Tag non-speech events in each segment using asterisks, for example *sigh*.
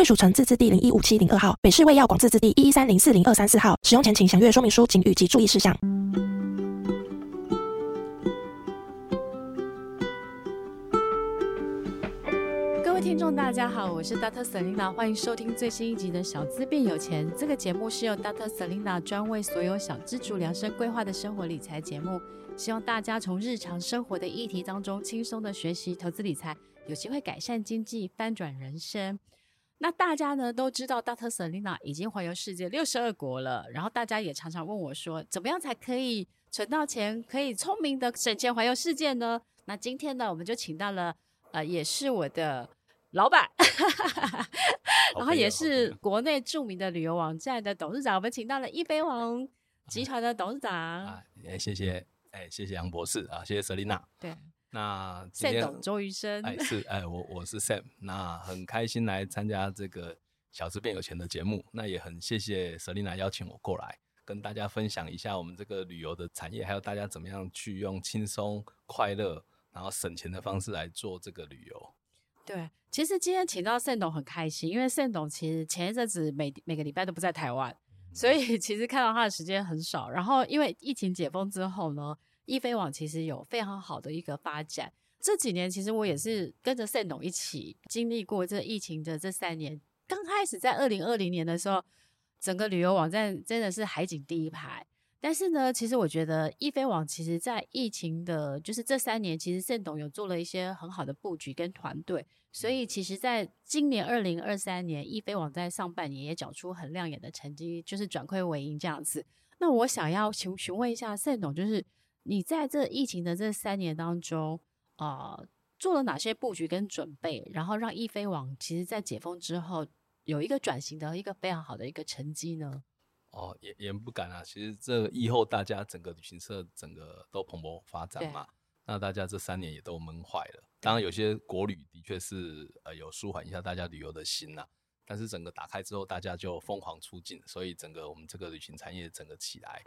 貴屬城字第零一五七零二號，北市衛藥廣字第一一三零四零二三四號。使用前請詳閱說明書、警語及注意事項。各位聽眾，大家好，我是 Dr. Selena 歡迎收聽最新一集的《小資變有錢》。這個節目是由 Dr. Selena 專為所有小資族量身規劃的生活理財節目，希望大家從日常生活的議題當中輕鬆的學習投資理財，有機會改善經濟、翻轉人生。那大家呢都知道，Dr. Selina 已經環遊世界六十二國了。然後大家也常常問我說，怎麼樣才可以存到錢，可以聰明的省錢環遊世界呢？那今天呢，我們就請到了，呃，也是我的老闆， *laughs* 然後也是國內著名的旅遊網站的董事長。我們請到了易飛網集團的董事長。也、啊哎、謝謝，哎，謝謝楊博士啊，謝謝 Selina。對。那 Sam 董周昀生，哎是哎我我是 Sam， *laughs* 那很開心來參加這個“小資變有錢”的節目，那也很謝謝 Selina 邀請我過來，跟大家分享一下我們這個旅遊的產業，還有大家怎麼樣去用輕鬆、快樂，然後省錢的方式來做這個旅遊。對，其實今天請到 Sam 董很開心，因為 Sam 董其實前一陣子每每個禮拜都不在台灣，嗯、所以其實看到他的時間很少。然後因為疫情解封之後呢，易飛網其實有非常好的一個發展，這幾年其實我也是跟着 Sam 董一起經歷過這疫情的這三年。剛開始在二零二零年的時候，整個旅遊網站真的是海景第一排。但是呢，其實我覺得易飛網其實在疫情的，就是這三年，其實 Sam 董有做了一些很好的布局跟團隊。所以，其實在今年二零二三年，易飛網在上半年也繳出很亮眼的成績，就是轉虧為盈這樣子。那我想要詢詢問一下 Sam 董，就是。你在這疫情的這三年當中，啊、呃，做了哪些布局跟準備，然後讓易飛網其實在解封之後有一個轉型的一個非常好的一個成績呢？哦，也也不敢啊。其實這疫後大家整個旅行社整個都蓬勃發展嘛，對那大家這三年也都悶壞了。當然，有些國旅的確是呃有舒緩一下大家旅遊的心吶、啊，但是整個打開之後，大家就瘋狂出境，所以整個我們這個旅行產業整個起來。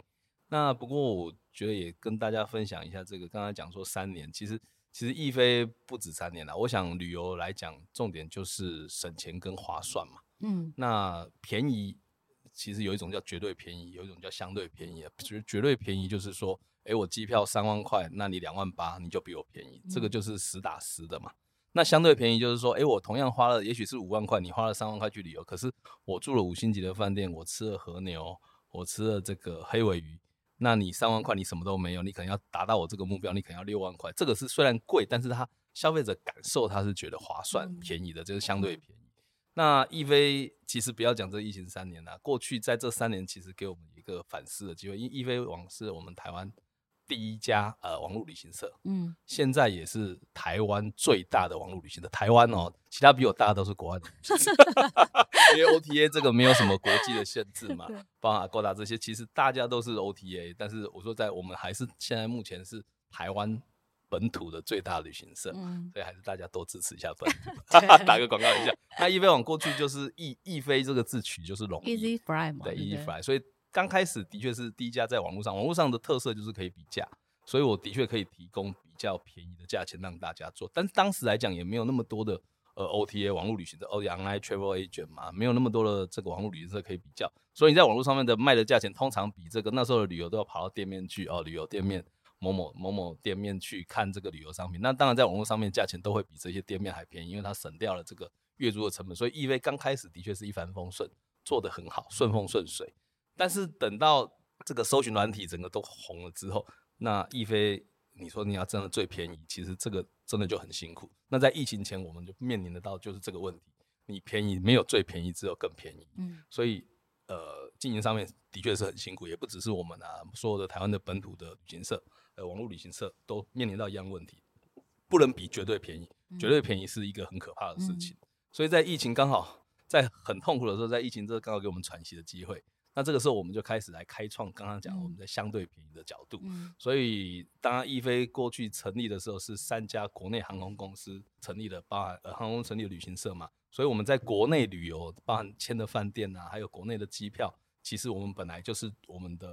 那不過我覺得也跟大家分享一下這個，剛才講說三年，其實其實易飛不止三年了。我想旅遊來講，重點就是省錢跟划算嘛。嗯，那便宜其實有一種叫絕對便宜，有一種叫相對便宜啊。絕絕對便宜就是說，哎，我機票三萬塊，那你兩萬八，你就比我便宜，這個就是實打實的嘛。嗯，那相對便宜就是說，哎，我同樣花了，也許是五萬塊，你花了三萬塊去旅遊，可是我住了五星級的飯店，我吃了和牛，我吃了這個黑鮪魚。那你三萬塊，你什麼都沒有。你可能要達到我這個目標，你可能要六萬塊。這個是雖然貴，但是它消費者感受它是覺得划算、便宜的，就是相對便宜。那易飛其實不要講這疫情三年了，過去在這三年其實給我們一個反思的機會，因易飛網是我們台灣。第一家呃，網絡旅行社，嗯，現在也是台灣最大的網絡旅行社。台灣哦，其他比我大的都是國外的， *laughs* 因為 OTA 這個沒有什麼國際的限制嘛， *laughs* 對包括 Agoda 這些，其實大家都是 OTA。但是我說，在我們還是現在目前是台灣本土的最大的旅行社，嗯，所以還是大家多支持一下本土， *laughs* 對打個廣告一下。 *laughs* 那易飛網過去就是一“易易飛”這個字取就是容易，Easy Fly 嘛對 Easy Fly 對所以。剛開始的確是第一家在網絡上。網絡上的特色就是可以比價，所以我的確可以提供比較便宜的價錢讓大家做。但是當時來講也沒有那麼多的呃 OTA 網絡旅行的，online travel agent 嘛，沒有那麼多的這個網絡旅行社可以比較，所以你在網絡上面的賣的價錢通常比這個那時候的旅遊都要跑到店面去哦，旅遊店面某某某某店面去看這個旅遊商品。那當然在網絡上面價錢都會比這些店面還便宜，因為它省掉了這個月租的成本。所以 E V 剛開始的確是一帆風順，做得很好，順風順水。但是等到這個搜尋軟體整個都紅了之後，那易飛你說你要真的最便宜，其實這個真的就很辛苦。那在疫情前，我們就面臨得到就是這個問題，你便宜沒有最便宜，只有更便宜。嗯、所以呃，經營上面的確是很辛苦，也不只是我們啊，所有的台灣的本土的旅行社，呃，網絡旅行社都面臨到一樣問題，不能比絕對便宜，絕對便宜是一個很可怕的事情。嗯、所以在疫情剛好在很痛苦的時候，在疫情這剛好給我們喘息的機會。那這個時候我們就開始來開創，剛剛講的我們在相對便宜的角度，嗯、所以當易飛過去成立的時候，是三家國內航空公司成立的，包含呃航空成立的旅行社嘛，所以我們在國內旅遊，包含簽的飯店吶、啊，還有國內的機票，其實我們本來就是我們的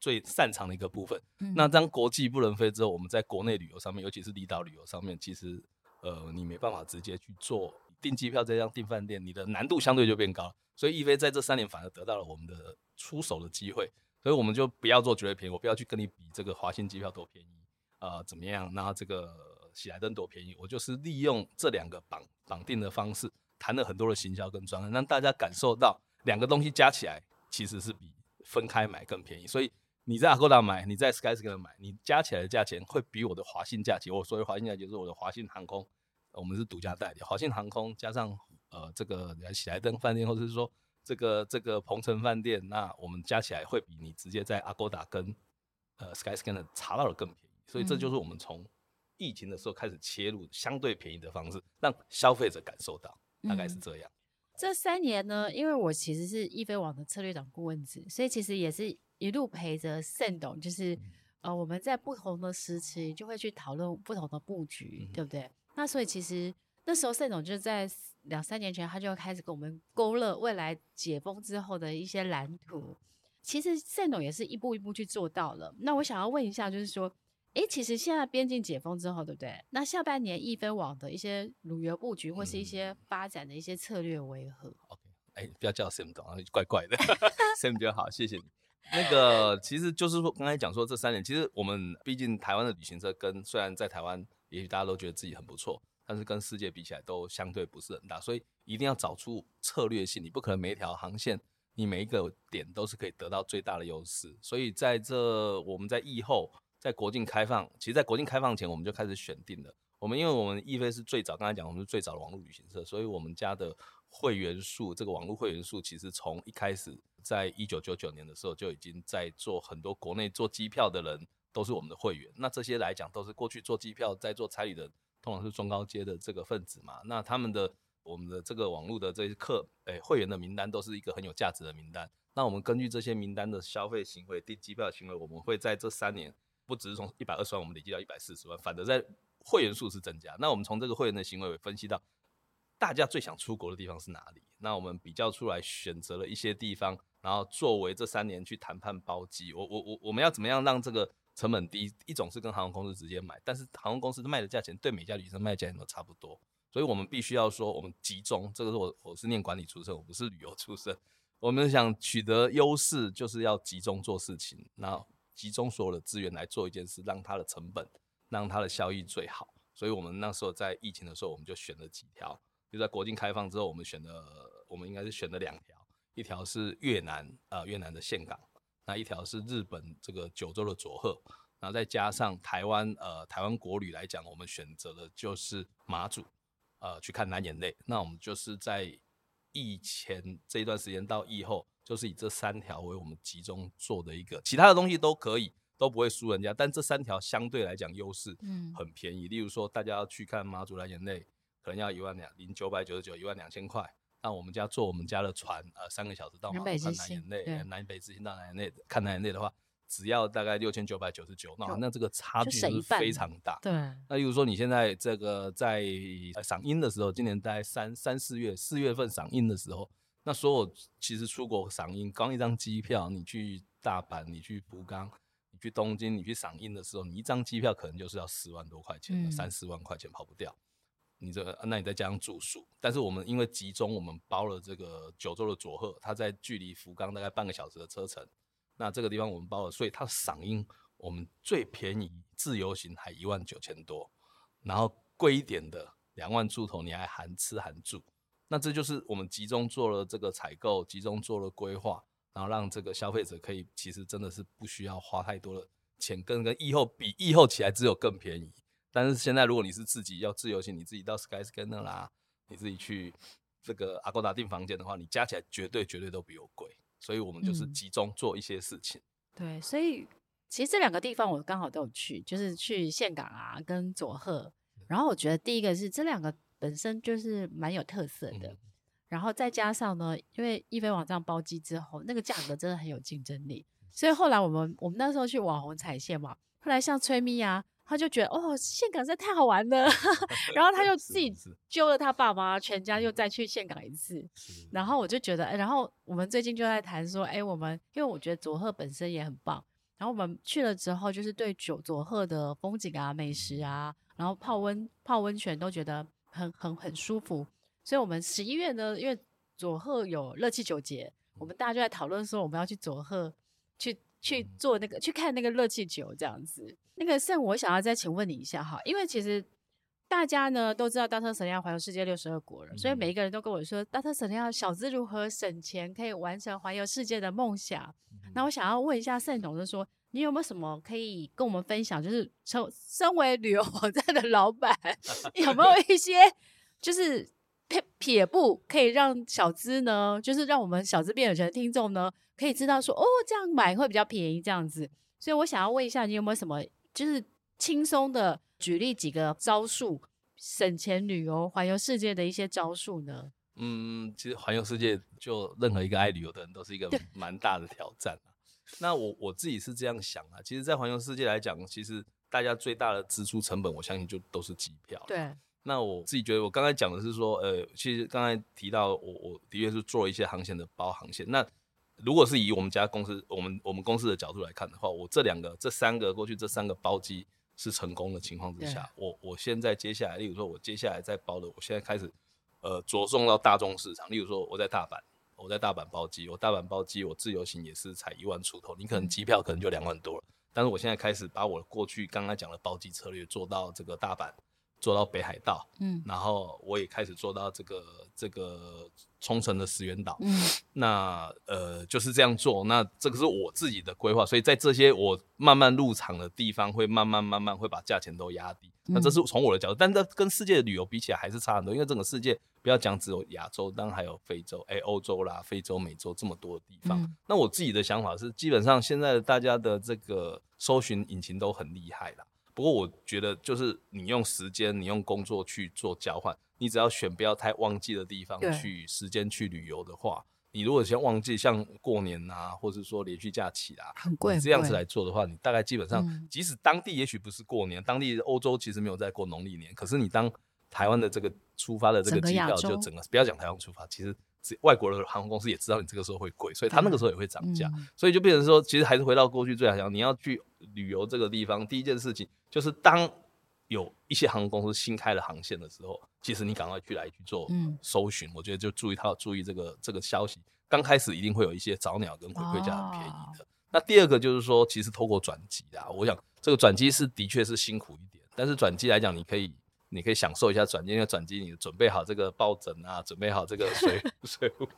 最擅長的一個部分。嗯、那當國際不能飛之後，我們在國內旅遊上面，尤其是離島旅遊上面，其實呃你沒辦法直接去做訂機票這樣訂飯店，你的難度相對就變高。所以易飛在這三年反而得到了我們的出手的機會，所以我們就不要做絕對便宜，我不要去跟你比這個華信機票多便宜啊、呃，怎麼樣？那這個喜來登多便宜？我就是利用這兩個綁綁定的方式，談了很多的行銷跟專案，讓大家感受到兩個東西加起來其實是比分開買更便宜。所以你在阿哥達買，你在 Skyscanner 買，你加起來的價錢會比我的華信價錢。我所謂的華信價錢，就是我的華信航空，我們是獨家代理，華信航空加上。呃，這個你看喜來登飯店，或者是說這個這個鵬程飯店，那我們加起來會比你直接在阿哥達跟呃 Skyscan 查到的更便宜，所以這就是我們從疫情的時候開始切入相對便宜的方式，讓消費者感受到，大概是這樣。嗯、這三年呢，因為我其實是易飛網的策略長顧問子，所以其實也是一路陪着盛董。就是、嗯、呃我們在不同的時期就會去討論不同的布局，嗯、對不對？那所以其實那時候盛總就在。兩三年前，他就開始跟我們勾勒未來解封之後的一些藍圖。其實 Sam 董也是一步一步去做到了。那我想要問一下，就是說，哎，其實現在邊境解封之後，對不對？那下半年易飛網的一些旅遊布局或是一些發展的一些策略為何，嗯嗯？OK，哎，欸，不要叫 Sam 董，怪怪的，Sa *laughs* *laughs* m 就好，謝謝你。那個其實就是說，剛才講說這三年，其實我們畢竟台灣的旅行社跟雖然在台灣，也許大家都覺得自己很不錯。但是跟世界比起來都相對不是很大，所以一定要找出策略性。你不可能每一條航線，你每一個點都是可以得到最大的優勢。所以在這我們在疫後，在國境開放，其實，在國境開放前我們就開始選定了。我們因為我們易飛是最早，剛才講我們是最早的網絡旅行社，所以我們家的會員數，這個網絡會員數，其實從一開始，在一九九九年的時候就已經在做很多國內做機票的人都是我們的會員。那這些來講都是過去做機票在做差旅的。通常是中高階的這個分子嘛，那他們的我們的這個網絡的這一課誒、欸、會員的名單都是一個很有價值的名單。那我們根據這些名單的消費行為、訂機票的行為，我們會在這三年不只是從一百二十萬，我們累積到一百四十萬，反而在會員數是增加。那我們從這個會員的行為也分析到，大家最想出國的地方是哪裡？那我們比較出來選擇了一些地方，然後作為這三年去談判包機。我我我我們要怎麼樣讓這個？成本低，一種是跟航空公司直接買，但是航空公司賣的價錢對每家旅行社賣價錢都差不多，所以我們必須要說我們集中，這個是我我是念管理出身，我不是旅遊出身，我們想取得優勢就是要集中做事情，然後集中所有的資源來做一件事，讓它的成本，讓它的效益最好，所以我們那時候在疫情的時候，我們就選了幾條，就在國境開放之後我，我們選的我們應該是選了兩條，一條是越南，啊、呃，越南的峴港。那一條是日本這個九州的佐賀，然後再加上台灣，呃，台灣國旅來講，我們選擇的就是馬祖，呃，去看藍眼淚。那我們就是在疫前這一段時間到疫後，就是以這三條為我們集中做的一個，其他的東西都可以，都不會輸人家，但這三條相對來講優勢，嗯，很便宜。嗯，例如說，大家要去看馬祖藍眼淚，可能要一萬兩零九百九十九，999, 一萬兩千塊。那我們家坐我們家的船，呃，三個小時到南北之行，對，南北之行到南岩內，看南岩內的話，只要大概六千九百九十九，那那這個差距是非常大。對，那比如說你現在這個在賞櫻的時候，今年大概三三四月，四月份賞櫻的時候，那所有其實出國賞櫻，光一張機票，你去大阪，你去福岡，你去東京，你去賞櫻的時候，你一張機票可能就是要四萬多塊錢，嗯、三四萬塊錢跑不掉。你這，那你再加上住宿，但是我們因為集中，我們包了這個九州的佐賀，它在距離福岡大概半個小時的車程。那這個地方我們包了，所以它賞櫻我們最便宜自由行還一萬九千多，然後貴一點的兩萬出頭，你還含吃含住。那這就是我們集中做了這個採購，集中做了規劃，然後讓這個消費者可以其實真的是不需要花太多的錢，跟跟疫後比疫後起來只有更便宜。但是現在，如果你是自己要自由行，你自己到 Skyscanner 啦、啊，你自己去這個阿哥達訂房間的話，你加起來絕對絕對都比我貴，所以我們就是集中做一些事情。嗯、對，所以其實這兩個地方我剛好都有去，就是去峴港啊跟佐賀。然後我覺得第一個是這兩個本身就是蠻有特色的，嗯、然後再加上呢，因為易飛網站包機之後，那個價格真的很有競爭力，所以後來我們我們那時候去網紅踩線嘛，後來像崔咪啊。他就覺得哦，峴港實在太好玩了， *laughs* 然後他就自己揪了他爸媽 *laughs* 全家又再去峴港一次，是然後我就覺得、哎，然後我們最近就在談說，哎，我們因為我覺得佐賀本身也很棒，然後我們去了之後，就是對酒佐賀的風景啊、美食啊，然後泡溫泡溫泉都覺得很很很舒服，所以我們十一月呢，因為佐賀有熱氣球節，我們大家就在討論說我們要去佐賀去。去做那個去看那個熱氣球這樣子。那個 Sam，我想要再請問你一下哈，因為其實大家呢都知道大特神要環遊世界六十二國了，所以每一個人都跟我說、嗯、大特神要小資如何省錢可以完成環遊世界的夢想。那、嗯、我想要問一下 Sam 總的是說，你有沒有什麼可以跟我們分享？就是從身為旅遊網站的老闆， *laughs* *laughs* 有沒有一些就是。撇撇步可以讓小資呢，就是讓我們小資變有錢的聽眾呢，可以知道說哦，這樣買會比較便宜這樣子。所以我想要問一下，你有沒有什麼就是輕鬆的舉例幾個招數，省錢旅遊環遊世界的一些招數呢？嗯，其實環遊世界就任何一個愛旅遊的人都是一個蠻大的挑戰對那我我自己是這樣想啊，其實，在環遊世界來講，其實大家最大的支出成本，我相信就都是機票。對。那我自己覺得，我剛才講的是說，呃，其實剛才提到我我的確是做一些航線的包航線。那如果是以我們家公司我們我們公司的角度來看的話，我這兩個、這三個過去這三個包機是成功的情況之下，我我現在接下來，例如說，我接下來再包的，我現在開始，呃，着重到大眾市場。例如說，我在大阪，我在大阪包機，我大阪包機，我自由行也是才一萬出頭，你可能機票可能就兩萬多了。但是我現在開始把我過去剛剛講的包機策略做到這個大阪。做到北海道，嗯，然後我也開始做到這個這個沖繩的石垣島，嗯，那呃就是這樣做，那這個是我自己的規劃，所以在這些我慢慢入場的地方，會慢慢慢慢會把價錢都壓低，嗯、那這是從我的角度，但這跟世界的旅遊比起來還是差很多，因為整個世界不要講只有亞洲，當然還有非洲，誒，歐洲啦，非洲、美洲這麼多地方，嗯、那我自己的想法是，基本上現在大家的這個搜尋引擎都很厲害了。不過我覺得，就是你用時間，你用工作去做交換，你只要選不要太旺季的地方去時間去旅遊的話，對你如果先旺季，像過年啊，或是說連續假期啊，很貴貴，這樣子來做的話，貴你大概基本上，嗯、即使當地也許不是過年，當地歐洲其實沒有在過農曆年，可是你當台灣的這個出發的這個機票就整個，整個不要講台灣出發，其實。外國的航空公司也知道你這個時候會貴，所以他那個時候也會漲價，嗯嗯、所以就變成說，其實還是回到過去最好想講，你要去旅遊這個地方，第一件事情就是當有一些航空公司新開了航線的時候，其實你趕快去來去做搜尋，嗯、我覺得就注意到注意這個這個消息，剛開始一定會有一些早鳥跟回饋價很便宜的。哦、那第二個就是說，其實透過轉機的，我想這個轉機是的確是辛苦一點，但是轉機來講，你可以。你可以享受一下轉機，因為轉機，你準備好這個抱枕啊，準備好這個水 *laughs* 水壺、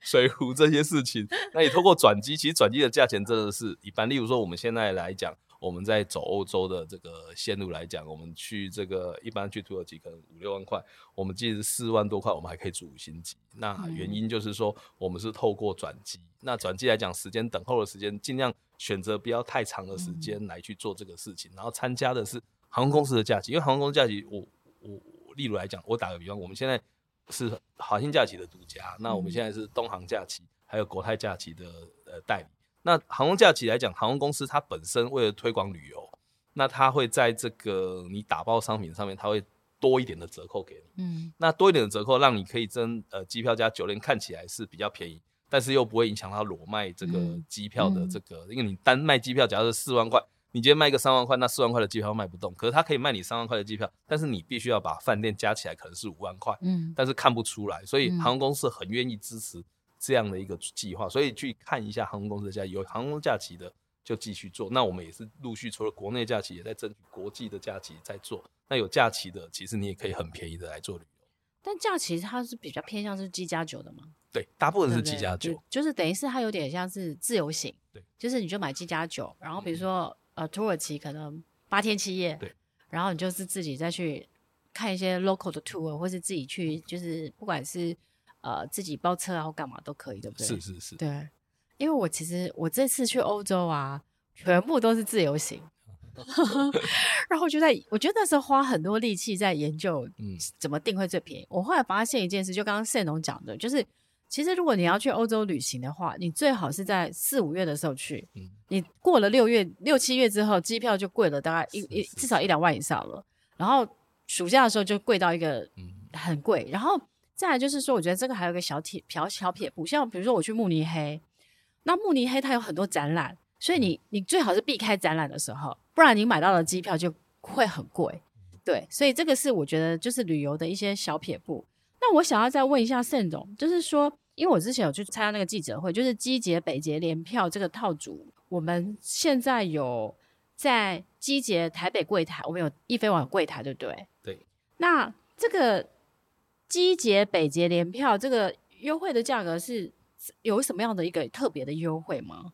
水壺這些事情。那你透過轉機，其實轉機的價錢真的是一般。例如說，我們現在來講，我們在走歐洲的這個線路來講，我們去這個一般去土耳其可能五六萬塊，我們其實四萬多塊，我們還可以住五星級。那原因就是說，我們是透過轉機。那轉機來講，時間等候的時間盡量選擇不要太長的時間來去做這個事情。然後參加的是航空公司的假期，因為航空公司假期我。我例如來講，我打個比方，我們現在是華信假期的獨家，嗯、那我們現在是東航假期，還有國泰假期的呃代理。那航空假期來講，航空公司它本身為了推廣旅遊，那它會在這個你打包商品上面，它會多一點的折扣給你。嗯。那多一點的折扣，讓你可以增呃機票加酒店看起來是比較便宜，但是又不會影響它裸賣這個機票的這個，嗯、因為你單賣機票，假設四萬塊。你今天賣個三萬塊，那四萬塊的機票賣不動，可是他可以賣你三萬塊的機票，但是你必須要把飯店加起來可能是五萬塊，嗯，但是看不出來，所以航空公司很願意支持這樣的一個計劃，嗯、所以去看一下航空公司的價，有航空假期的就繼續做。那我們也是陸續除了國內假期，也在爭取國際的假期在做。那有假期的，其實你也可以很便宜的來做旅遊。但假期它是比較偏向是機加酒的嗎？對，大部分是機加酒，就是等於是它有點像是自由行，對，就是你就買機加酒，9, 然後比如說、嗯。呃，土耳其可能八天七夜，對然後你就是自己再去看一些 local 的 tour，或是自己去，就是不管是呃自己包車啊或幹嘛都可以，對不對？是是是，對，因為我其實我這次去歐洲啊，全部都是自由行， *laughs* 然後就在我覺得那時候花很多力氣在研究，怎麼訂會最便宜。嗯、我後來發現一件事，就剛剛盛農講的，就是。其實，如果你要去歐洲旅行的話，你最好是在四五月的時候去。你過了六月、六七月之後，機票就貴了，大概一、是是是一至少一兩萬以上了。然後暑假的時候就貴到一個很貴。然後再來就是說，我覺得這個還有一個小撇、小小撇步，像比如說我去慕尼黑，那慕尼黑它有很多展覽，所以你你最好是避開展覽的時候，不然你買到的機票就會很貴。對，所以這個是我覺得就是旅遊的一些小撇步。那我想要再問一下 Sam 董，就是說，因為我之前有去參加那個記者會，就是機捷、北捷聯票這個套組，我們現在有在機捷台北櫃台，我們有易飛網櫃台，對不對？對。那這個機捷、北捷聯票這個優惠的價格是有什麼樣的一個特別的優惠嗎？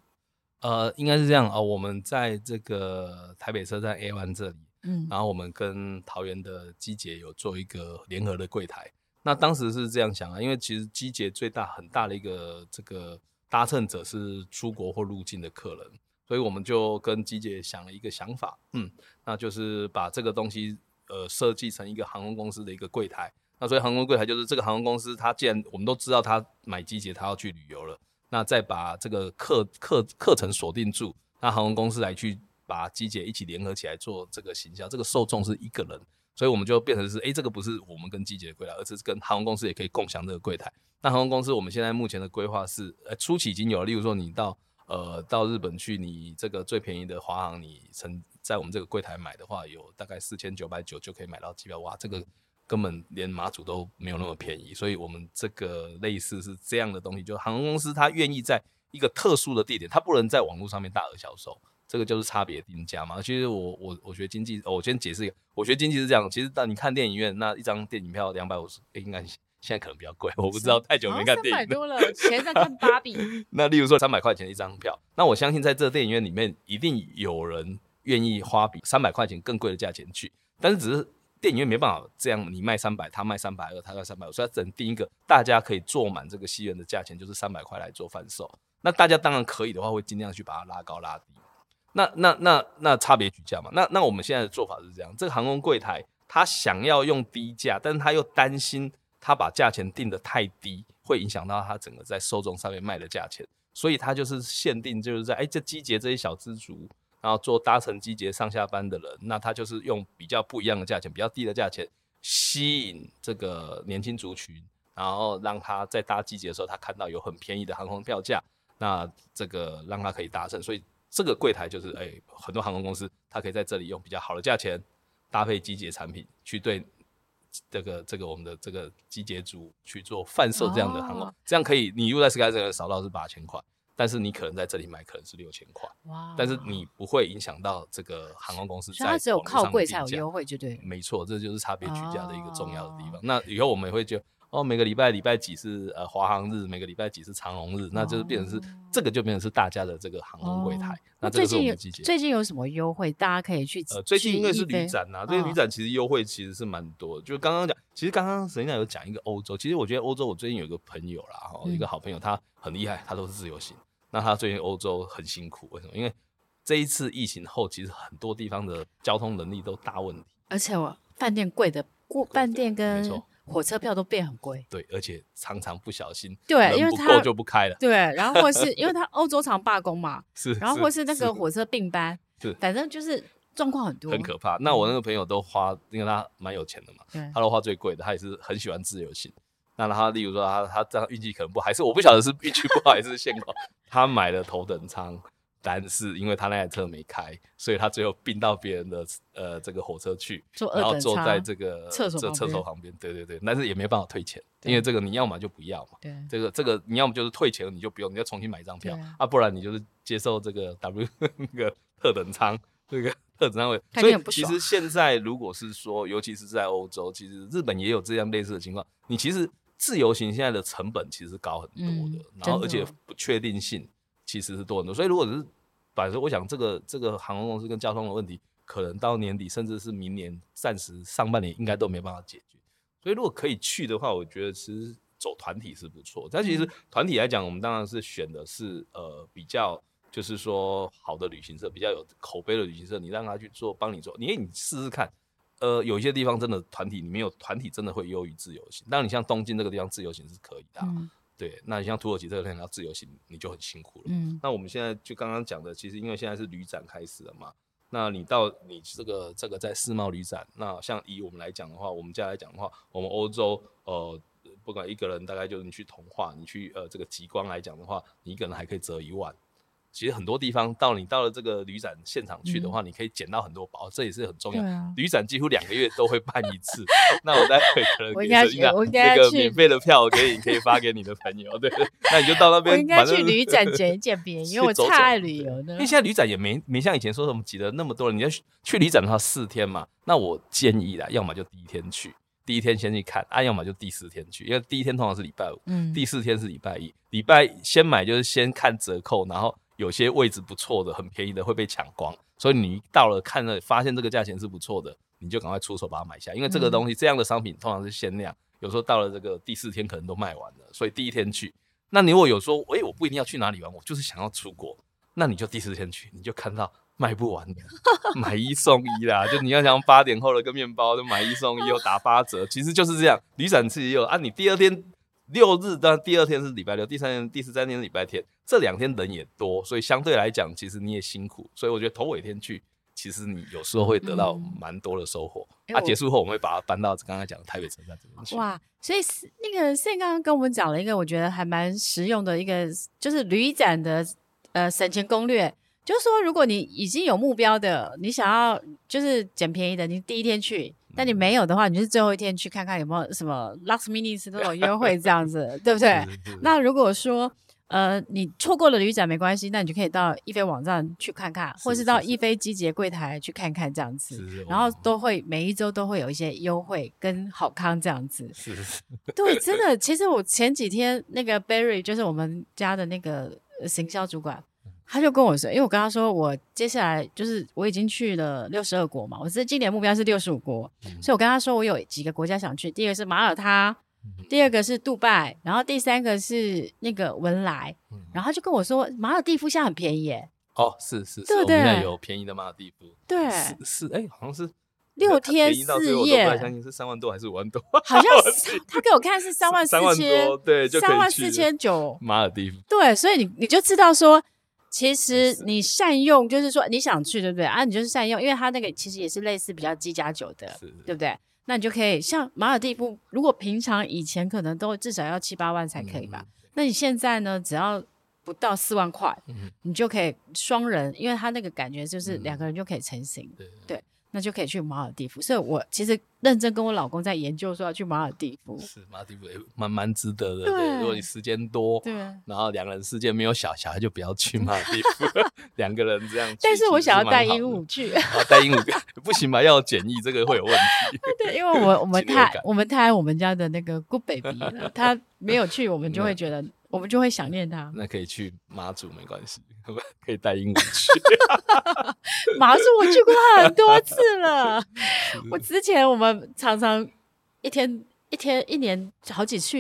呃，應該是這樣哦、呃。我們在這個台北車站 A1 這裡，嗯，然後我們跟桃園的機捷有做一個聯合的櫃台。那當時是這樣想啊，因為其實機捷最大很大的一個這個搭乘者是出國或入境的客人，所以我們就跟機捷想了一個想法，嗯，那就是把這個東西呃設計成一個航空公司的一個櫃台。那所以航空櫃台就是這個航空公司，它既然我們都知道他買機捷，他要去旅遊了，那再把這個課課課程鎖定住，那航空公司來去把機捷一起聯合起來做這個形象。這個受眾是一個人。所以我們就變成是，誒、欸，這個不是我們跟季節的櫃檯，而是跟航空公司也可以共享這個櫃檯。那航空公司我們現在目前的規劃是，呃、欸，初期已經有了。例如說，你到呃到日本去，你這個最便宜的華航，你曾在我們這個櫃檯買的話，有大概四千九百九就可以買到機票。哇，這個根本連馬祖都沒有那麼便宜。所以，我們這個類似是這樣的東西，就航空公司它願意在一個特殊的地點，它不能在網絡上面大額銷售。這個就是差別定價嘛。其實我我我學經濟，我先解釋一個，我學經濟是這樣。其實當你看電影院那一張電影票兩百五十，應該現在可能比較貴，我不知道，太久沒看電影了。前陣、哦、看芭比。 *laughs* 那例如說三百塊錢一張票，那我相信在這個電影院裡面，一定有人願意花比三百塊錢更貴的價錢去。但是只是電影院沒辦法這樣，你賣三百，他賣三百二，他賣三百五，所以他只能定一個大家可以坐滿這個戲院的價錢，就是三百塊來做販售。那大家當然可以的話，會盡量去把它拉高拉低。那那那那差別舉價嘛？那那我們現在的做法是這樣：這個航空櫃檯他想要用低價，但是他又擔心他把價錢定得太低，會影響到他整個在受眾上面賣的價錢，所以他就是限定就是，在哎、欸，這季節這些小資族，然後做搭乘季節上下班的人，那他就是用比較不一樣的價錢，比較低的價錢吸引這個年輕族群，然後讓他在搭季節的時候，他看到有很便宜的航空票價，那這個讓他可以搭乘，所以。這個櫃檯就是，哎、欸，很多航空公司它可以在這裡用比較好的價錢搭配集結產品，去對這個這個我們的這個集結組去做販售這樣的航空，哦、這樣可以。你如果在 Sky 這個掃到是八千塊，但是你可能在這裡買可能是六千塊，哇但是你不會影響到這個航空公司。所以它只有靠櫃才有優惠，就對。沒錯，這就是差別取價的一個重要的地方。哦、那以後我們也會就。哦，每個禮拜禮拜幾是呃華航日，每個禮拜幾是長榮日，oh. 那就是變成是這個就變成是大家的這個航空櫃台。Oh. 那最近最近有什麼優惠，大家可以去？呃，最近因為是旅展吶、啊，所以、oh. 旅展其實優惠其實是蠻多。就剛剛講，其實剛剛沈先生有講一個歐洲，其實我覺得歐洲我最近有一個朋友啦，哈、嗯，一個好朋友，他很厲害，他都是自由行。那他最近歐洲很辛苦，為什麼？因為這一次疫情後，其實很多地方的交通能力都大問題，而且我飯店貴的過，飯店跟。火車票都變很貴，對，而且常常不小心不，不，對，因為他不夠，就不開了，對，然後或是 *laughs* 因為他歐洲常罷工嘛，是，是，然後或是那個火車併班，是，反正就是狀況很多，很可怕。那我那個朋友都花，因為他蠻有錢的嘛，對他都花最貴的，他也是很喜歡自由行。那他例如說他，他這樣運氣可能不還，還是我不曉得是運氣不好還， *laughs* 還是現況，他買了頭等艙。但是因為他那台車沒開，所以他最後並到別人的呃這個火車去，然後坐在這個廁所，這廁所旁邊。對對對，但是也沒辦法退錢，對因為這個你要麼就不要嘛。對，這個這個你要麼就是退錢了，你就不用，你要重新買一張票啊，啊不然你就是接受這個 W 那個特等艙那個特等艙位。所以其實現在如果是說，尤其是在歐洲，其實日本也有這樣類似的情況。你其實自由行現在的成本其實是高很多的，嗯、的然後而且不確定性。其實是多很多，所以如果是反正我想，這個這個航空公司跟交通的問題，可能到年底甚至是明年，暫時上半年應該都沒辦法解決。所以如果可以去的話，我覺得其實走團體是不錯。但其實團體來講，我們當然是選的是呃比較，就是說好的旅行社，比較有口碑的旅行社，你讓他去做，幫你做，因為你試試看。呃，有一些地方真的團體，裡面有團體真的會優於自由行。當然你像東京這個地方，自由行是可以的。嗯對，那你像土耳其這個可能要自由行，你就很辛苦了。嗯，那我們現在就剛剛講的，其實因為現在是旅展開始了嘛，那你到你這個這個在世貿旅展，那像以我們來講的話，我們家來講的話，我們歐洲呃，不管一個人，大概就是你去童話，你去呃這個極光來講的話，你一個人還可以折一萬。其實很多地方到你到了這個旅展現場去的話，你可以撿到很多寶、嗯、這也是很重要。啊、旅展幾乎兩個月都會辦一次， *laughs* 那我待會可能給你一我應該應該那個免費的票我可以可以發給你的朋友。對，那你就到那邊。我應該去旅展撿撿便宜，因為我太愛旅遊了。因為現在旅展也沒沒像以前說什麼擠得那麼多人。你要去旅展的話，四天嘛，那我建議啦，要麼就第一天去，第一天先去看啊；要麼就第四天去，因為第一天通常是禮拜五，嗯、第四天是禮拜一。禮拜先買就是先看折扣，然後。有些位置不錯的，很便宜的會被搶光，所以你到了看了發現這個價錢是不錯的，你就趕快出手把它買下。因為這個東西，嗯、這樣的商品通常是限量，有時候到了這個第四天可能都賣完了，所以第一天去，那你如果有說，誒、欸、我不一定要去哪裡玩，我就是想要出國，那你就第四天去，你就看到賣不完了，買一送一啦， *laughs* 就你要想八點後的個麵包就買一送一又打八折， *laughs* 其實就是這樣，旅展自己也有啊，你第二天，六日，但第二天是禮拜六，第三天、第四三天是禮拜天，這兩天人也多，所以相對來講，其實你也辛苦。所以我覺得頭尾天去，其實你有時候會得到蠻多的收穫。嗯、啊，結束後我們會把它搬到剛剛講的台北車站這邊去。哇，所以那個 Sam 剛剛跟我們講了一個，我覺得還蠻實用的一個，就是旅展的呃省錢攻略，就是說如果你已經有目標的，你想要就是撿便宜的，你第一天去。但你沒有的話，你就是最後一天去看看有沒有什麼 last minute 那種優惠這樣子， *laughs* 對不對？是是是，那如果說呃你錯過了旅展沒關係，那你就可以到易飛網站去看看，是是是，或是到易飛機捷櫃台去看看這樣子。是是是，然後都會每一周都會有一些優惠跟好康這樣子。是是是，對，真的，其實我前幾天那個 Barry 就是我們家的那個行銷主管。他就跟我說，因為我跟他說，我接下來就是我已經去了六十二國嘛，我是今年目標是六十五國，嗯、所以我跟他說，我有幾個國家想去，第一個是馬爾他，嗯、第二個是杜拜，然後第三個是那個文萊，嗯、然後他就跟我說，馬爾地夫現在很便宜耶，哦，是是，對對，現在有便宜的馬爾地夫，對，是，是誒哎，好像是六天四夜，我相信是三萬多還是五萬多， *laughs* 好像是他給我看是三萬四千三萬多，對，就可以三萬四千九，馬爾地夫，對，所以你你就知道說。其實你善用，就是說你想去，對不對啊？你就是善用，因為它那個其實也是類似比較機加酒的，對不對？那你就可以像馬爾地夫，如果平常以前可能都至少要七八萬才可以吧？那你現在呢，只要不到四萬塊，你就可以雙人，因為他那個感覺就是兩個人就可以成型，對。那就可以去馬爾地夫，所以我其實認真跟我老公在研究說要去馬爾地夫。是馬爾地夫也蠻蠻值得的，對，如果你時間多，對，然後兩個人世界沒有小小孩，就不要去馬爾地夫，兩個人這樣。但是我想要帶鸚鵡去，帶鸚鵡不行吧？要檢疫，這個會有問題。對，因為我我們太我們太愛我們家的那個 good baby 了，他沒有去，我們就會覺得。我們就會想念他。那可以去馬祖沒關係， *laughs* 可以帶英文去。 *laughs* 馬祖我去過很多次了， *laughs* 是我之前我們常常一天一天一年好幾次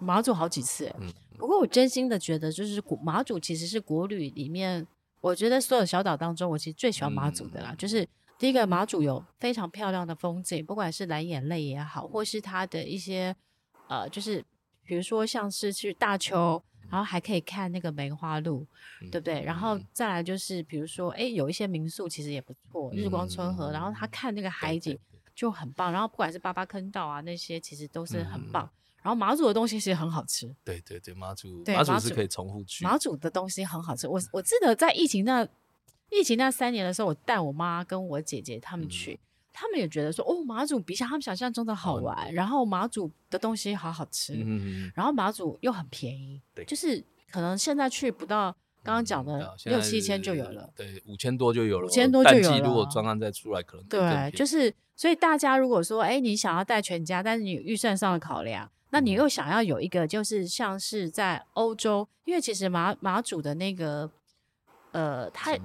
馬祖好幾次。嗯、不過我真心的覺得，就是馬祖其實是國旅裡面，我覺得所有小島當中，我其實最喜歡馬祖的啦。嗯、就是第一個，馬祖有非常漂亮的風景，不管是藍眼淚也好，或是它的一些呃，就是。比如說像是去大坵，然後還可以看那個梅花鹿，對不對？然後再來就是比如說，哎，有一些民宿其實也不錯，日光春和，然後他看那個海景就很棒。然後不管是八八坑道啊那些，其實都是很棒。然後馬祖的東西其實很好吃，對對對，馬祖馬祖是可以重複去，馬祖的東西很好吃。我我記得在疫情那疫情那三年的時候，我帶我媽跟我姐姐他們去。他們也覺得說，哦，馬祖比像他們想象中的好玩，哦、然後馬祖的東西好好吃，嗯嗯、然後馬祖又很便宜，對，就是可能現在去不到，剛剛講的六七千就有了，嗯、對，對，對，五千多就有了，五千多就有了。淡季如果專案再出來，可能對，就是所以大家如果說，哎，你想要帶全家，但是你預算上的考量，那你又想要有一個，就是像是在歐洲，因為其實馬馬祖的那個，呃，太。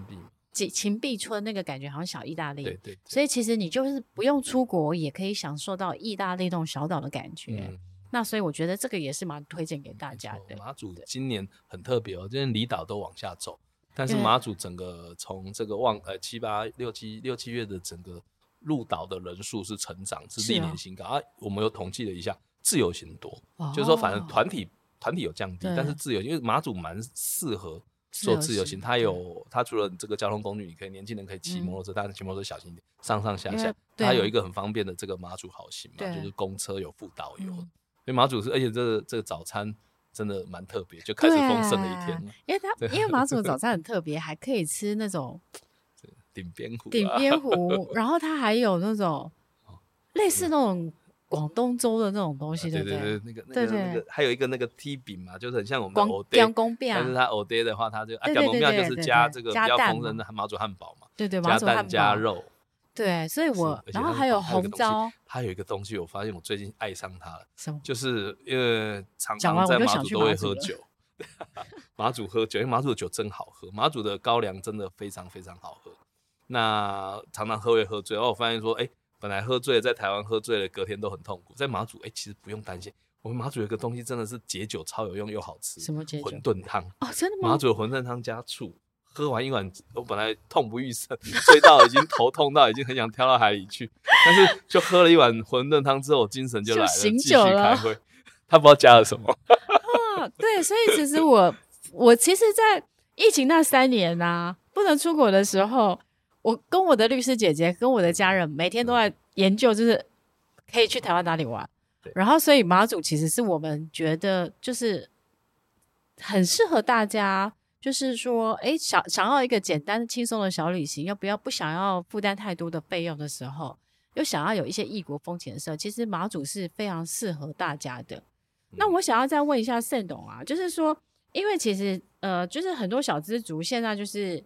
秦壁村那個感覺好像小意大利。對對對，所以其實你就是不用出國也可以享受到意大利那種小島的感覺。嗯、那所以我覺得這個也是蠻推薦給大家的。馬祖今年很特別哦，對今天離島都往下走，但是馬祖整個從這個旺呃七八六七六七月的整個入島的人數是成長，是歷年新高。哦、啊，我們又統計了一下，自由行多，哦、就是說反正團體團體有降低，對但是自由行因為馬祖蠻適合。做自由行，他有對他除了這個交通工具，你可以年輕人可以騎摩托車，但是、嗯、騎摩托車小心一點，上上下下。他有一個很方便的這個馬祖好行嘛，對就是公車有副導遊。嗯、因為馬祖是，而且這個這個早餐真的蠻特別，就開始豐盛的一天、啊。因為他對因為馬祖的早餐很特別， *laughs* 還可以吃那種鼎邊糊、啊，鼎邊糊，然後他還有那種類似那種。廣東粥的那種東西的，對對對，那個那個那個，還有一個那個 T 餅嘛，就是很像我們廣江公餅，但是他歐爹的話，他就江公廟就是加這個比較豐盛的馬祖漢堡嘛，對對，馬祖漢堡加蛋加肉，對，所以我然後還有紅糟，他有一個東西，我發現我最近愛上它了，什麼？就是因為常常在馬祖都會喝酒，馬祖喝酒，因為馬祖的酒真好喝，馬祖的高粱真的非常非常好喝，那常常喝會喝醉，然後我發現說，哎。本來喝醉了，在台灣喝醉了，隔天都很痛苦。在馬祖，哎、欸，其實不用擔心。我們馬祖有一個東西，真的是解酒超有用又好吃。什麼解酒？餛飩湯？哦，真的嗎？馬祖餛飩湯加醋，喝完一碗，我本來痛不欲生， *laughs* 醉到已經頭痛到已經很想跳到海裡去。 *laughs* 但是就喝了一碗餛飩湯之後，精神就來了，醒酒了，繼續開會，他不知道加了什麼。 *laughs* 啊，對，所以其實我我其實，在疫情那三年吶、啊，不能出國的時候。我跟我的律師姐姐、跟我的家人每天都在研究，就是可以去台灣哪裡玩。對然後，所以馬祖其實是我們覺得就是很適合大家，就是說，誒，想想要一個簡單輕鬆的小旅行，要不要不想要負擔太多的費用的時候，又想要有一些異國風情的時候，其實馬祖是非常適合大家的。嗯、那我想要再問一下 Sam 董啊，就是說，因為其實呃，就是很多小資族現在就是。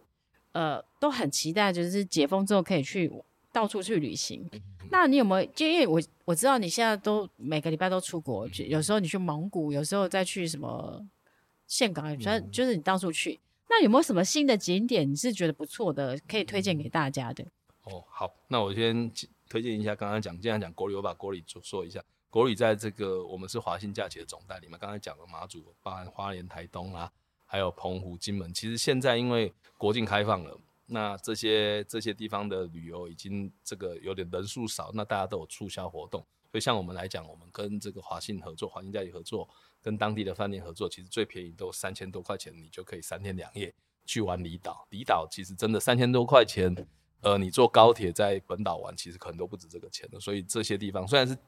呃，都很期待，就是解封之後可以去到處去旅行。嗯、那你有沒有？就因為我我知道你現在都每個禮拜都出國，嗯、有時候你去蒙古，有時候再去什麼岘港，反正、嗯、就是你到處去。那有沒有什麼新的景點？你是覺得不錯的，可以推薦給大家的、嗯？哦，好，那我先推薦一下剛剛。剛剛講，既然講國旅，我把國旅說一下。國旅在這個我們是華信假期的總代理嘛，剛才講了馬祖，包含花蓮、台東啦、啊。還有澎湖、金門，其實現在因為國境開放了，那這些這些地方的旅遊已經這個有點人數少，那大家都有促銷活動。所以像我們來講，我們跟這個華信合作，華信家裡合作，跟當地的飯店合作，其實最便宜都三千多塊錢，你就可以三天兩夜去玩離島。離島其實真的三千多塊錢，呃，你坐高鐵在本島玩，其實可能都不止這個錢的。所以這些地方雖然是。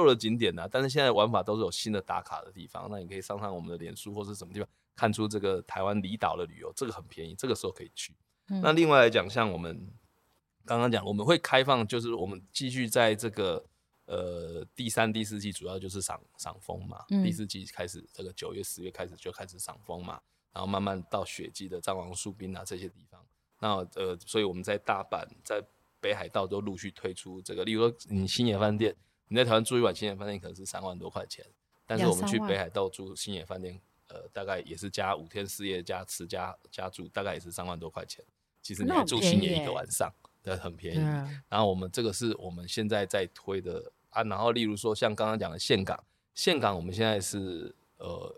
舊的景點吶、啊，但是現在玩法都是有新的打卡的地方，那你可以上上我們的臉書或者是什麼地方看出這個台灣離島的旅遊，這個很便宜，這個時候可以去。嗯、那另外來講，像我們剛剛講，我們會開放，就是我們繼續在這個呃第三、第四季，主要就是賞賞楓嘛。嗯、第四季開始，這個九月、十月開始就開始賞楓嘛，然後慢慢到雪季的藏王、啊、樹冰啊這些地方。那呃，所以我們在大阪、在北海道都陸續推出這個，例如說你星野飯店。嗯你在台灣住一晚，星野飯店可能是三萬多塊錢，但是我們去北海道住星野飯店，呃，大概也是加五天四夜加吃加加住，大概也是三萬多塊錢。其實你住星野一個晚上，那很便宜欸，很便宜。嗯、然後我們這個是我們現在在推的啊，然後例如說像剛剛講的峴港，峴港我們現在是呃，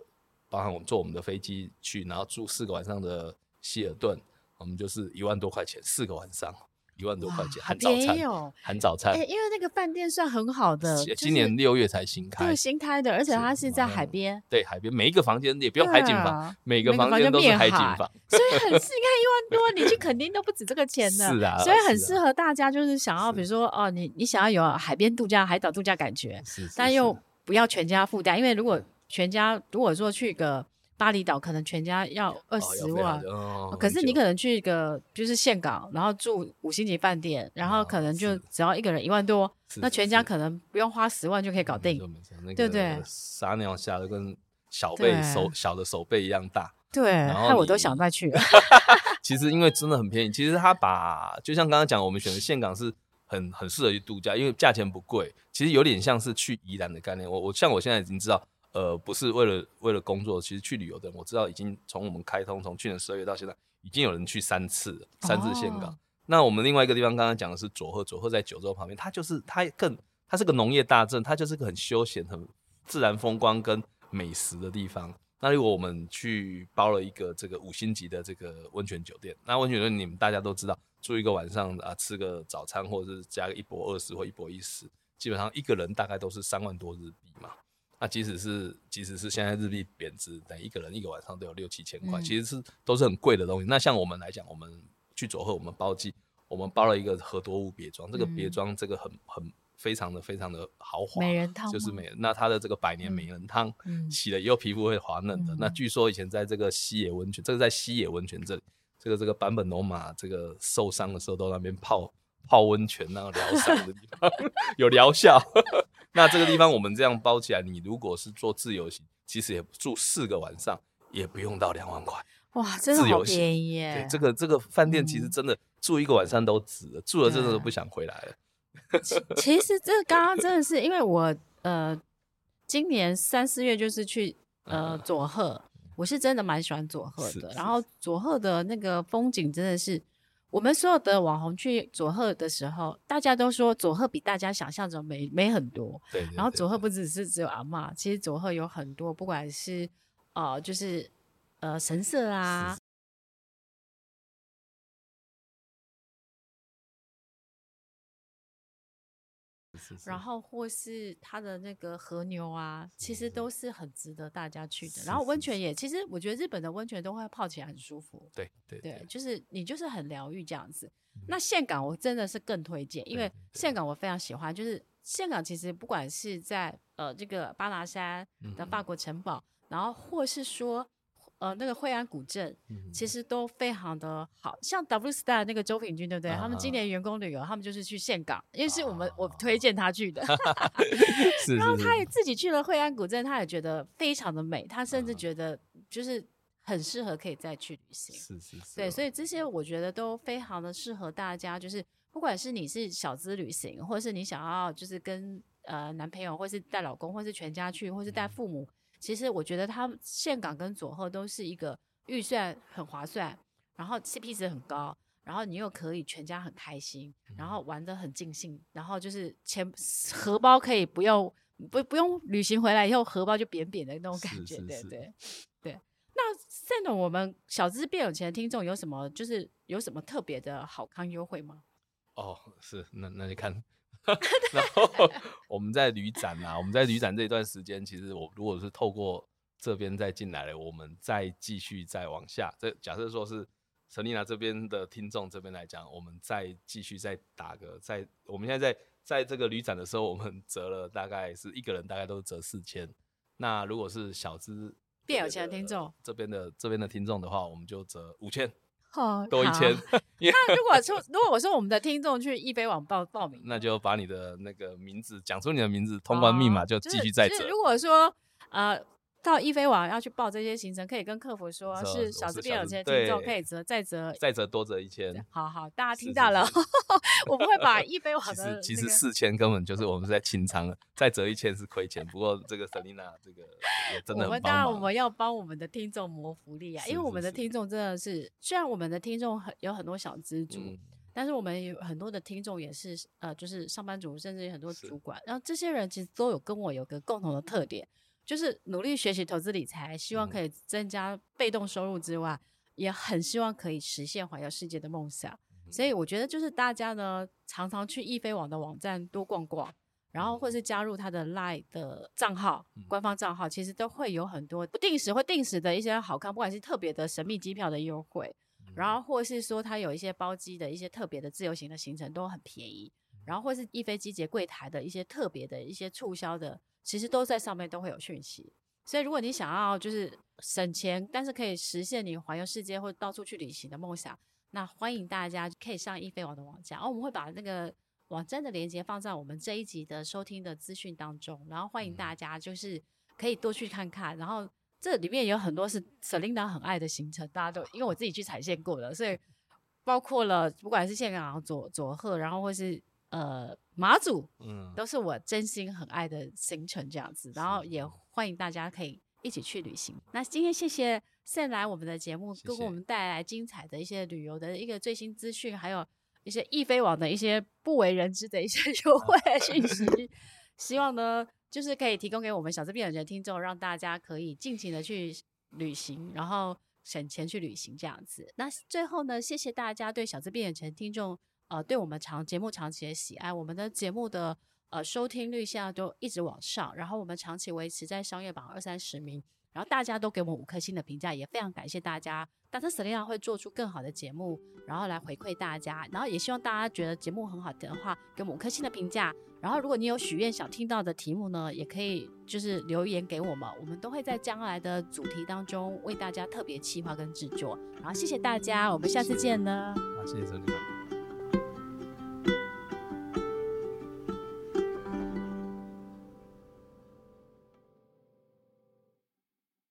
包含我們坐我們的飛機去，然後住四個晚上的希爾頓，我們就是一萬多塊錢四個晚上。一萬多塊錢含早餐，含早餐，因為那個飯店算很好的，就是，今年六月才新開，新開的，而且它是在海邊，嗯，對，海邊每一個房間也不用海景房，啊，每個房間都是海景房，房所以很適合，你看一萬多， *laughs* 你去肯定都不止這個錢的，是啊，所以很適合大家，就是想要是，啊是啊，比如說哦，你你想要有海邊度假，海島度假感覺，是是是，但又不要全家負擔，因為如果全家如果說去一個。巴厘島可能全家要二十萬，哦哦、可是你可能去一個久就是峴港，然後住五星級飯店，然後可能就只要一個人一萬多，那全家可能不用花十萬就可以搞定，那個、對不對，對？撒尿蝦的跟小背對手小的手背一樣大，對，那我都想再去了。 *laughs* 其實因為真的很便宜，其實他把就像剛剛講，我們選擇峴港是很很適合去度假，因為價錢不貴，其實有點像是去宜蘭的概念。我我像我現在已經知道。呃，不是為了為了工作，其實去旅遊的人我知道已經從我們開通，從去年十二月到現在，已經有人去三次，三次峴港。Oh. 那我們另外一個地方，剛剛講的是佐賀，佐賀在九州旁邊，它就是它更它是個農業大鎮，它就是個很休閒、很自然風光跟美食的地方。那如果我們去包了一個這個五星級的這個溫泉酒店，那溫泉酒店你們大家都知道，住一個晚上啊、呃，吃個早餐或者是加個一泊二十或一泊一十，基本上一個人大概都是三萬多日幣嘛。那即使是即使是現在日幣貶值，等一個人一個晚上都有六七千塊，嗯、其實是都是很貴的東西。那像我們來講，我們去佐賀，我們包機，我們包了一個和多屋別莊，嗯、這個別莊這個很很非常的非常的豪華，美人湯就是美。那它的這個百年美人湯，嗯、洗了以後皮膚會滑嫩的。嗯、那據說以前在這個西野溫泉，這個在西野溫泉這裡，這個這個坂本龍馬這個受傷的時候都在那邊泡泡溫泉那個療傷的地方 *laughs* 有療效。 *laughs* *laughs* 那這個地方我們這樣包起來，你如果是做自由行，其實也住四個晚上也不用到兩萬塊，哇，真的好便宜耶！對，這個這個飯店其實真的住一個晚上都值了，嗯、住了真的都不想回來了。對 *laughs* 其實這剛剛真的是因為我呃，今年三四月就是去呃佐賀，賀嗯、我是真的蠻喜歡佐賀的，是是是然後佐賀的那個風景真的是。我們所有的網紅去佐賀的時候，大家都說佐賀比大家想象中美美很多。對對對對。然後佐賀不只是只有阿嬤，其實佐賀有很多，不管是哦、呃，就是呃神社啊。是是是是，然後或是他的那個和牛啊，是是，其實都是很值得大家去的。是是，然後溫泉也，是是是，其實我覺得日本的溫泉都會泡起來很舒服。對對對，對對，就是你就是很療癒這樣子。對對對，那峴港我真的是更推薦，對對對，因為峴港我非常喜歡。就是峴港其實不管是在呃這個巴拿山的法國城堡，對對對，然後或是說。呃，那個惠安古鎮、嗯、哼其實都非常的好，像 W Star 那個周平君，對不對？Uh huh. 他們今年員工旅遊，他們就是去峴港，uh huh. 因為是我們、uh huh. 我推薦他去的。Uh huh. *laughs* 然後他也自己去了惠安古鎮，他也覺得非常的美，他甚至覺得就是很適合可以再去旅行。是是是，huh. 對，所以這些我覺得都非常的適合大家，就是不管是你是小資旅行，或是你想要就是跟呃男朋友，或是帶老公，或是全家去，或是帶父母。Uh huh. 其實我覺得它峴港跟左後都是一個預算很划算，然後 CP 值很高，然後你又可以全家很開心，然後玩得很盡興，嗯、然後就是錢荷包可以不用不不用旅行回來以後荷包就扁扁的那種感覺，對對對。那 Sam 董，我們小資變有錢的聽眾有什麼就是有什麼特別的好康優惠嗎？哦，是那那你看。 *laughs* 然後我們在旅展啊， *laughs* 我們在旅展這一段時間，其實我如果是透過這邊再進來了，我們再繼續再往下。這假設說是陳麗娜這邊的聽眾這邊來講，我們再繼續再打個再，我們現在在在這個旅展的時候，我們折了大概是一個人，大概都折四千。那如果是小資變有錢的，的聽眾這邊的這邊的聽眾的話，我們就折五千。多一千好。 *laughs* Yeah 那如果說， *laughs* 如果我說我們的聽眾去易飛網報報名，那就把你的那個名字講出你的名字，哦、通關密碼就繼續在這。就是就是、如果說，呃。到易飛網要去報這些行程，可以跟客服說，是小資變有錢聽眾可以折再折，再折多折一千。好好，大家聽到了，我不會把易飛網的其實其實四千根本就是我們是在清倉了，再折一千是虧錢。不過這個 Selina 這個真的我們當然我們要幫我們的聽眾謀福利啊，因為我們的聽眾真的是雖然我們的聽眾很有很多小資族，但是我們有很多的聽眾也是呃就是上班族，甚至有很多主管。然後這些人其實都有跟我有個共同的特點。就是努力學習投資理財，希望可以增加被動收入之外，也很希望可以實現環遊世界的夢想。所以我覺得，就是大家呢常常去易飛網的網站多逛逛，然後或是加入他的 Line 的賬號、官方賬號，其實都會有很多不定時或定時的一些好康，不管是特別的神秘機票的優惠，然後或是說它有一些包機的一些特別的自由行的行程都很便宜，然後或是易飛機捷櫃台的一些特別的一些促銷的。其實都在上面都會有訊息，所以如果你想要就是省錢，但是可以實現你環遊世界或到處去旅行的夢想，那歡迎大家可以上易飛網的網站，然後、哦、我們會把那個網站的連接放在我們這一集的收聽的資訊當中，然後歡迎大家就是可以多去看看，然後這裡面有很多是 Selina 很愛的行程，大家都因為我自己去踩線過了，所以包括了不管是香港、佐佐賀，然後或是。呃，馬祖，嗯，都是我真心很愛的行程這樣子，然後也歡迎大家可以一起去旅行。嗯、那今天謝謝 Sam 來我們的節目，給我們帶來精彩的一些旅遊的一個最新資訊，謝謝還有一些易飛網的一些不為人知的一些優惠訊息。啊、 *laughs* 希望呢，就是可以提供給我們小資變有錢的聽眾，讓大家可以盡情的去旅行，然後省錢去旅行這樣子。那最後呢，謝謝大家對小資變有錢的聽眾。呃，對我們長節目長期的喜愛，我們的節目的呃收聽率現在都一直往上，然後我們長期維持在商業榜二三十名，然後大家都給我們五顆星的評價，也非常感謝大家。但是 Selina 會做出更好的節目，然後來回饋大家，然後也希望大家覺得節目很好聽的話，給我們五顆星的評價。然後如果你有許願想聽到的題目呢，也可以就是留言給我們，我們都會在將來的主題當中為大家特別企劃跟製作。然後謝謝大家，我們下次見呢。好、啊，謝謝 Selina